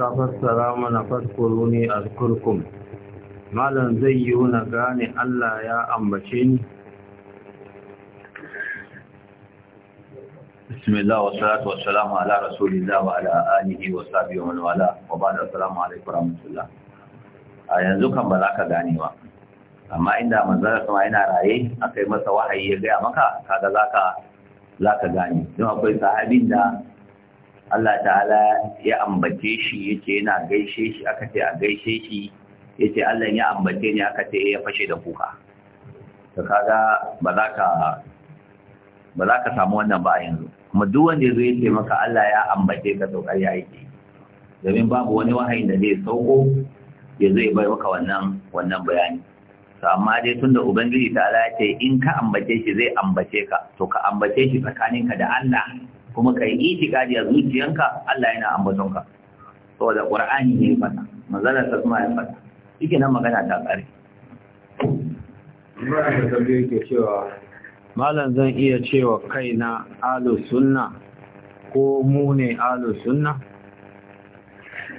kafar salama na fassara ne a kurkum malam zai yi wuna gane Allah ya ambace ni bismillah wa salatu wa salamu ala rasulillah wa ala alihi wa sahbihi wa man wala wa ba'da assalamu alaikum wa rahmatullah a yanzu kan ba za ka gane ba amma inda manzara sama yana raye akai masa wahayi ya gaya maka kaga za ka gane don akwai sahabin da Allah ta'ala ya ambace shi yace yana gaishe shi aka ce a gaishe shi yace Allah ya ambace ni aka ce ya fashe da kuka to kaga ba za ka ba za ka samu wannan ba yanzu kuma duk wanda ya yace maka Allah ya ambace ka to ya yi domin babu wani wahayin da zai sauko ya zai ya bai maka wannan wannan bayani to amma dai tunda ubangiji Ta'ala ya ce in ka ambace shi zai ambace ka to ka ambace shi tsakaninka da Allah kuma kai itikadi a zuciyanka Allah yana ambatonka ka saboda qur'ani ne fata manzalar ta kuma ya fata yake nan magana ta kare Ibrahim da tambaye yake cewa malam zan iya cewa na alu sunna ko mu ne alu sunna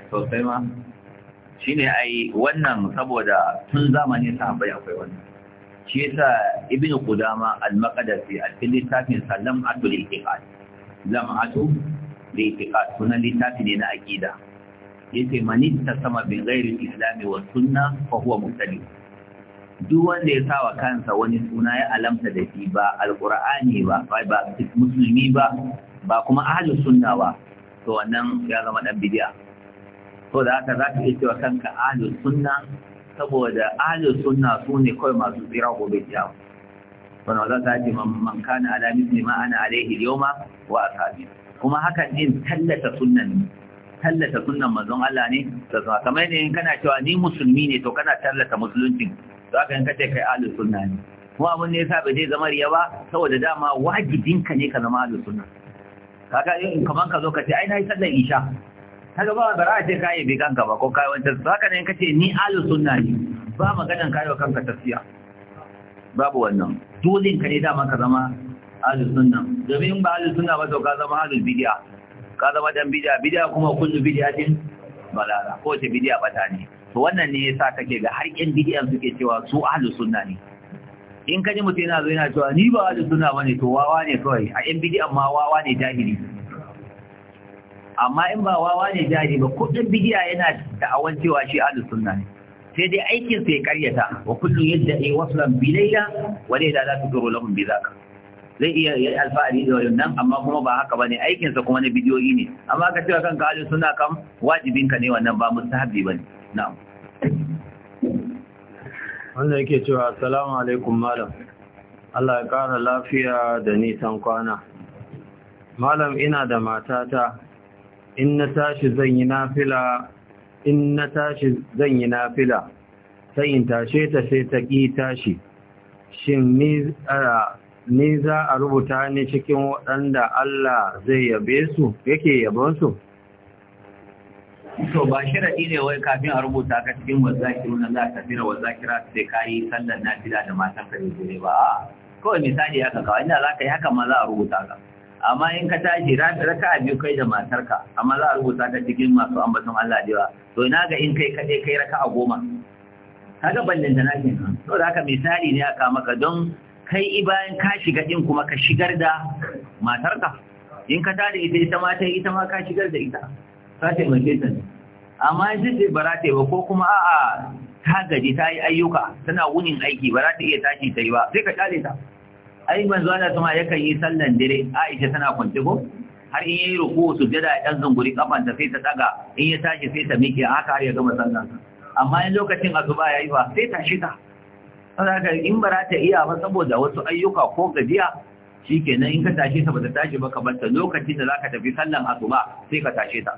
sosai ma shine ai wannan saboda tun zamani sahabbai akwai wannan shi yasa ibnu qudama al-maqdisi a cikin littafin sallam abdul iqad lam'atu da itikad sunan littafi ne na aqida yace ta sama bi ghairi islami wa sunna fa huwa mubtadi duk wanda ya sawa kansa wani suna ya alamta da shi ba alqur'ani ba ba musulmi ba ba kuma ahlus sunna ba to wannan ya zama dan bid'a to da haka za ka iya cewa kanka ahlus sunna saboda ahlus sunna sune kai kawai masu tsira gobe kiyama wannan za ta ji man kana ala mithli ma ana alaihi yawma wa ashabi kuma hakan din tallata sunnan tallata sunnan manzon Allah ne sai kamar ne in kana cewa ni musulmi ne to kana tallata musulunci to haka in kace kai ahlus sunna ne kuma abun ne yasa bai zai zama riya ba saboda dama wajibinka ne ka zama ahlus sunna kaga in kamar ka zo ka ce ai na yi sallar isha kaga ba ba a ce kai bi kanka ba ko kai wancan haka ne in kace ni ahlus sunna ne ba maganan kai wa kanka tafiya babu wannan dolin ka ne da ka zama ahlus sunna domin ba ahlus sunna ba to ka zama ahlul bid'a ka zama dan bid'a bid'a kuma kullu bid'atin balala ko ce bid'a bata ne to wannan ne yasa kake ga har ƴan bid'an suke cewa su ahlus sunna ne in ka ji mutum yana zo yana cewa ni ba ahlus sunna bane to wawa ne kawai a ƴan bid'an ma wawa ne jahili amma in ba wawa ne jahili ba kudin bid'a yana da cewa shi ahlus sunna ne sai dai aikin sai karyata wa kullu yadda ai waslan bi layla wa layla la tudru lahum bi zaka zai iya alfahari da wannan amma kuma ba haka bane aikin sa kuma na bidiyoyi ne amma ka cewa kanka halin suna kam wajibin ka ne wannan ba mustahabi bane na'am wanda yake cewa assalamu alaikum malam Allah ya kara lafiya da nisan kwana malam ina da matata in na tashi zan yi nafila in na tashi zan yi nafila sai in tashe ta sai ta ƙi tashi shin ni za a rubuta ni cikin waɗanda Allah zai yabe su yake su? to ba shi sharaɗi ne wai kafin a rubuta ka cikin wazakiru na za ta fira wazakira sai ka yi sallar nafila da matan ka ne ba kawai misali haka kawai inda za ka yi haka ma za a rubuta ka amma in ka tashi raka a biyu kai da matarka amma za a rubuta ka cikin masu ambaton Allah da yawa to ina ga in kai kaɗai kai raka a goma kaga ballin da nake to da haka misali ne aka maka don kai bayan ka shiga din kuma ka shigar da matarka in ka tada ita ita ma ta ita ma ka shigar da ita ta taimake ta amma in sai ba za ta yi ba ko kuma a'a ta gaji ta yi ayyuka tana wunin aiki ba za ta iya tashi ta yi ba sai ka tare ta ai manzo Allah kuma yakan yi sallan dare Aisha tana kwance ko har in yayi ruku sujjada ya dan zunguri ta sai ta daga in ya tashi sai ta miƙe haka har ya gama sallan amma in lokacin asuba yayi ba sai ta shiga saboda in bara ta iya ba saboda wasu ayyuka ko gajiya shikenan in ka tashi ta ba ta tashi ba kamar ta lokacin da zaka tafi sallan asuba sai ka tashi ta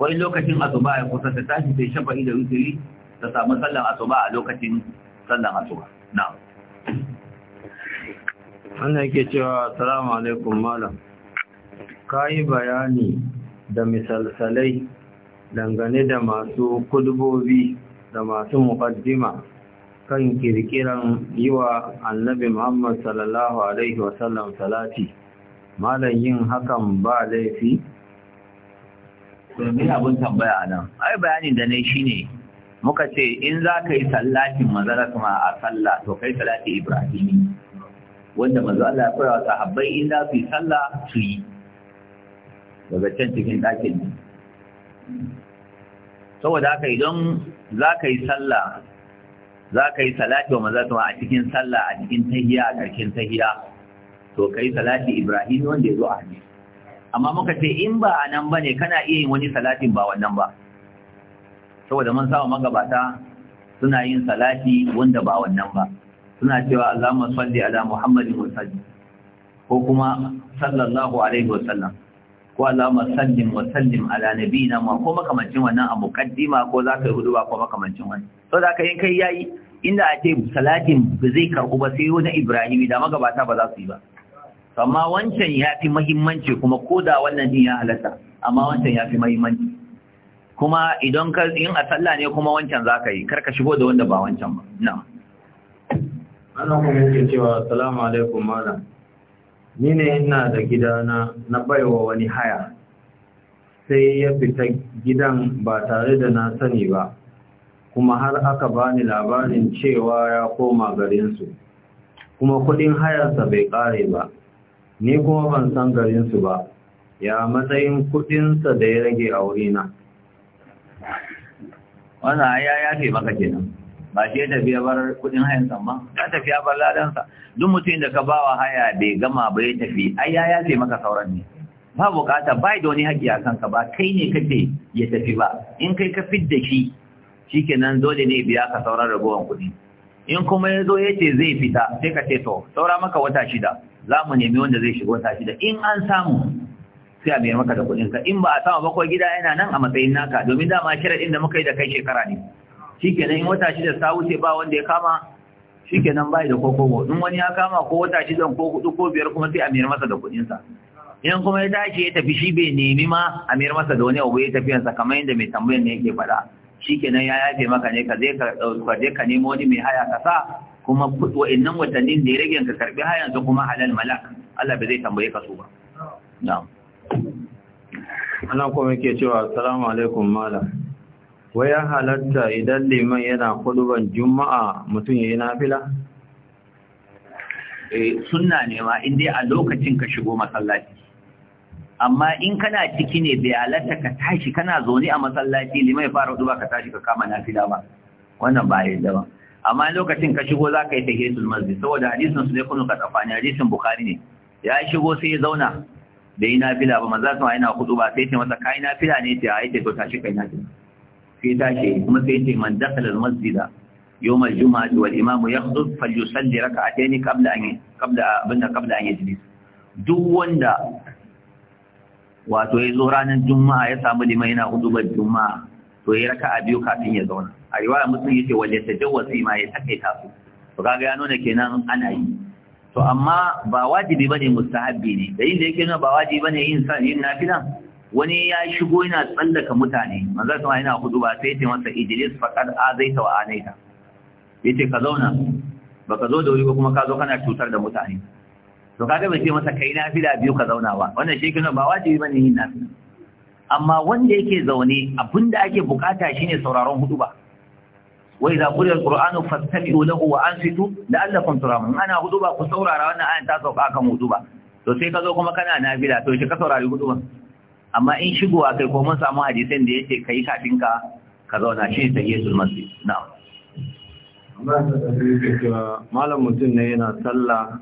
ko in lokacin asuba ya kusa ta tashi sai shafa'i da wuturi ta samu sallan asuba a lokacin sallan asuba na'am wannan ke cewa assalamu alaikum malam kayi bayani da misalsalai dangane da masu kudubobi da masu muqaddima kan kirkiran yiwa annabi Muhammad sallallahu alaihi wasallam salati malam yin hakan ba laifi domin abin tambaya nan ai bayanin da ne shine muka ce in za ka yi sallatin manzara kuma a sallah to kai salati ibrahimi wanda manzo Allah ya koya wa sahabbai in za su yi sallah su yi daga can cikin ɗakin ne saboda haka idan za ka yi sallah za ka yi salati wa manzo a cikin sallah a cikin tahiya a ƙarshen tahiya to kai salati Ibrahim wanda ya zo a hadisi amma muka ce in ba a nan ba ne kana iya yin wani salatin ba wannan ba saboda mun sawa magabata suna yin salati wanda ba wannan ba suna cewa mu salli ala Muhammadin wa sallim ko kuma sallallahu alaihi wa sallam ko mu salli wa sallim ala nabina ma ko makamancin wannan a muqaddima ko za ka yi huduba ko makamancin wannan to da ka yin kai yayi inda ake salatin ba zai karbu ba sai wani Ibrahim da magabata ba za su yi ba amma wancan ya fi muhimmanci kuma ko da wannan din ya halatta amma wancan ya fi muhimmanci. kuma idan ka yin a sallah ne kuma wancan za ka yi kar ka shigo da wanda ba wancan ba na'am ana kuma yake cewa salamu alaikum malam ni ne ina da gidana na baiwa wani haya sai ya fita gidan ba tare da na sani ba kuma har aka bani labarin cewa ya koma garinsu kuma kudin hayarsa bai kare ba ni kuma ban san garinsu ba ya matsayin kudinsa da ya rage a wurina wannan ya yafe maka kenan ba shi ya tafiya bar kudin hayansa ba ya tafiya bar ladansa duk mutum da ka ba wa haya bai gama ba ya tafi ai ya yafe maka sauran ne ba bukata ba da wani haƙi a kanka ba kai ne ce ya tafi ba in kai ka fit da shi shikenan dole ne biya ka sauran ragowar kuɗi in kuma ya zo ya ce zai fita sai ka ce to saura maka wata shida za mu nemi wanda zai shiga wata shida in an samu sai a biya maka da ka in ba a samu bakwai gida yana nan a matsayin naka domin dama ɗin da muka yi da kai shekara ne shikenan in wata shida ta wuce ba wanda ya kama shikenan bai da kokobo in wani ya kama ko wata shidan ko hudu ko biyar kuma sai a mayar masa da kudinsa sa in kuma ya tashi ya tafi shi bai nemi ma a mayar masa da wani abu ya tafi yansa kamar yadda mai tambayar ne yake faɗa shikenan ya yafe maka ne ka je ka je ka nemo wani mai haya ka sa kuma wa'annan watannin da ya rage ka karbi hayan su kuma halal malak Allah bai zai tambaye ka su ba na'am ana kuma yake cewa assalamu alaikum malam wai ya halatta idan liman yana kuduban juma'a mutum ya yi nafila? Eh, suna ne ma dai a lokacin ka shigo masallaci amma in kana ciki ne bai halatta ka tashi kana zaune a masallaci liman ya fara hudu ba ka tashi ka kama nafila ba wannan ba yadda ba amma lokacin ka shigo za ka yi tahiyatul mazi saboda hadisin sulaikun ka tsafani hadisin bukari ne ya shigo sai ya zauna bai yi nafila ba maza sun yana hudu ba sai ce masa yi nafila ne ta a yi to tashi kai nafila sai tashi kuma sai ce man dakhala al-masjida yawm al-jum'ah wal imam yakhdhub falyusalli rak'atayn qabla an qabla abinda qabla an yajlis duk wanda wato ya zo ranar juma'a ya samu liman yana hudubar juma'a to ya raka'a biyu kafin ya zauna a riwaya mutum yace wanda tajawwaz ma ya takaita su to kaga ya nuna kenan ana yi to amma ba wajibi bane mustahabbi ne da yin da yake nuna ba wajibi bane yin sa yin nafila wani ya shigo yana tsallaka mutane manzo sama yana hudu ba sai ce masa ijlis faqad azaita wa anaita yace ka zauna baka zo da wuri ba kuma ka zo kana cutar da mutane to kaga bai ce masa kai da biyu ka zauna ba wannan shi kina ba wajibi bane yin nafila amma wanda yake zaune abinda ake bukata shine sauraron hudu ba wai za kuriyar ƙur'anu fastami'u lahu wa ansitu la'allakum turhamun ana hudu ba ku saurara wannan ayan ta sauka kan hudu ba to sai ka zo kuma kana nafila to shi ka saurari hudu ba amma in shigo a kai ko mun samu hadisin da yake kai kafin ka ka zauna shi ta yesu masjid cewa malam mutum ne yana sallah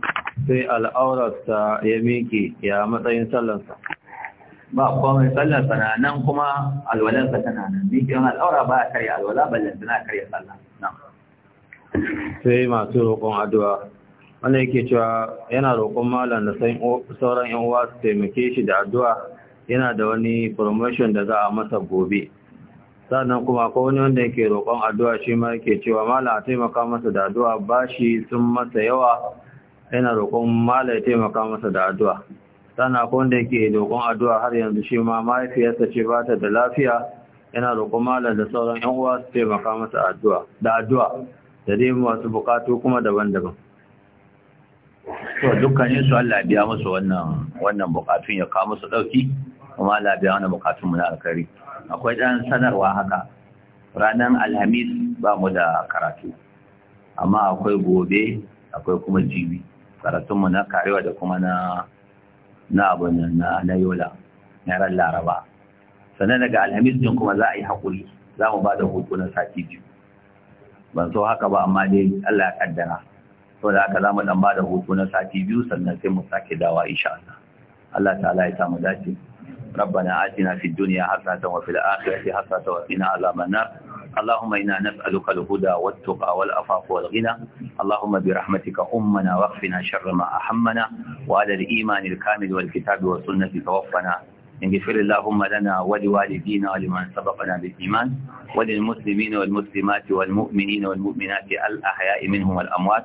sai al'aurarsa ya miƙe ya matsayin sallansa ba komai sallarsa na nan kuma alwalarsa tana nan miƙe wani al'aura ba a karya alwala ballan tana karya sallah sai masu roƙon addu'a wanda yake cewa yana roƙon malam da sauran yan uwa su taimake shi da addu'a yana da wani promotion da za a masa gobe sannan kuma ko wani wanda yake roƙon addu'a shi ma yake cewa malam a taimaka masa da addu'a bashi sun masa yawa yana roƙon malam ya taimaka masa da addu'a sannan ko wanda yake roƙon addu'a har yanzu shi ma mahaifiyarsa ce ba ta da lafiya yana roƙon malam da sauran 'yan uwa su taimaka masa addu'a da addu'a da dai masu buƙatu kuma daban-daban to dukkanin su Allah biya musu wannan wannan bukatun ya kawo musu dauki kuma Allah biya wannan bukatun mu na alkhairi akwai dan sanarwa haka ranan alhamis ba mu da karatu amma akwai gobe akwai kuma jibi karatun mu na karewa da kuma na na abun na na yola na ran laraba sannan daga alhamis din kuma za a yi hakuri za mu ba da hutu na sati biyu ban so haka ba amma dai Allah ya kaddara to da aka zamu dan bada hutu na sati biyu sannan sai mu sake dawa insha Allah Allah ta'ala ya samu dace ربنا آتنا في الدنيا حسنة وفي الآخرة حسنة وقنا عذاب النار اللهم إنا نسألك الهدى والتقى والأفاق والغنى اللهم برحمتك أمنا واغفنا شر ما أحمنا وعلى الإيمان الكامل والكتاب والسنة توفنا اغفر اللهم لنا ولوالدينا ولمن سبقنا بالإيمان وللمسلمين والمسلمات والمؤمنين والمؤمنات الأحياء منهم والأموات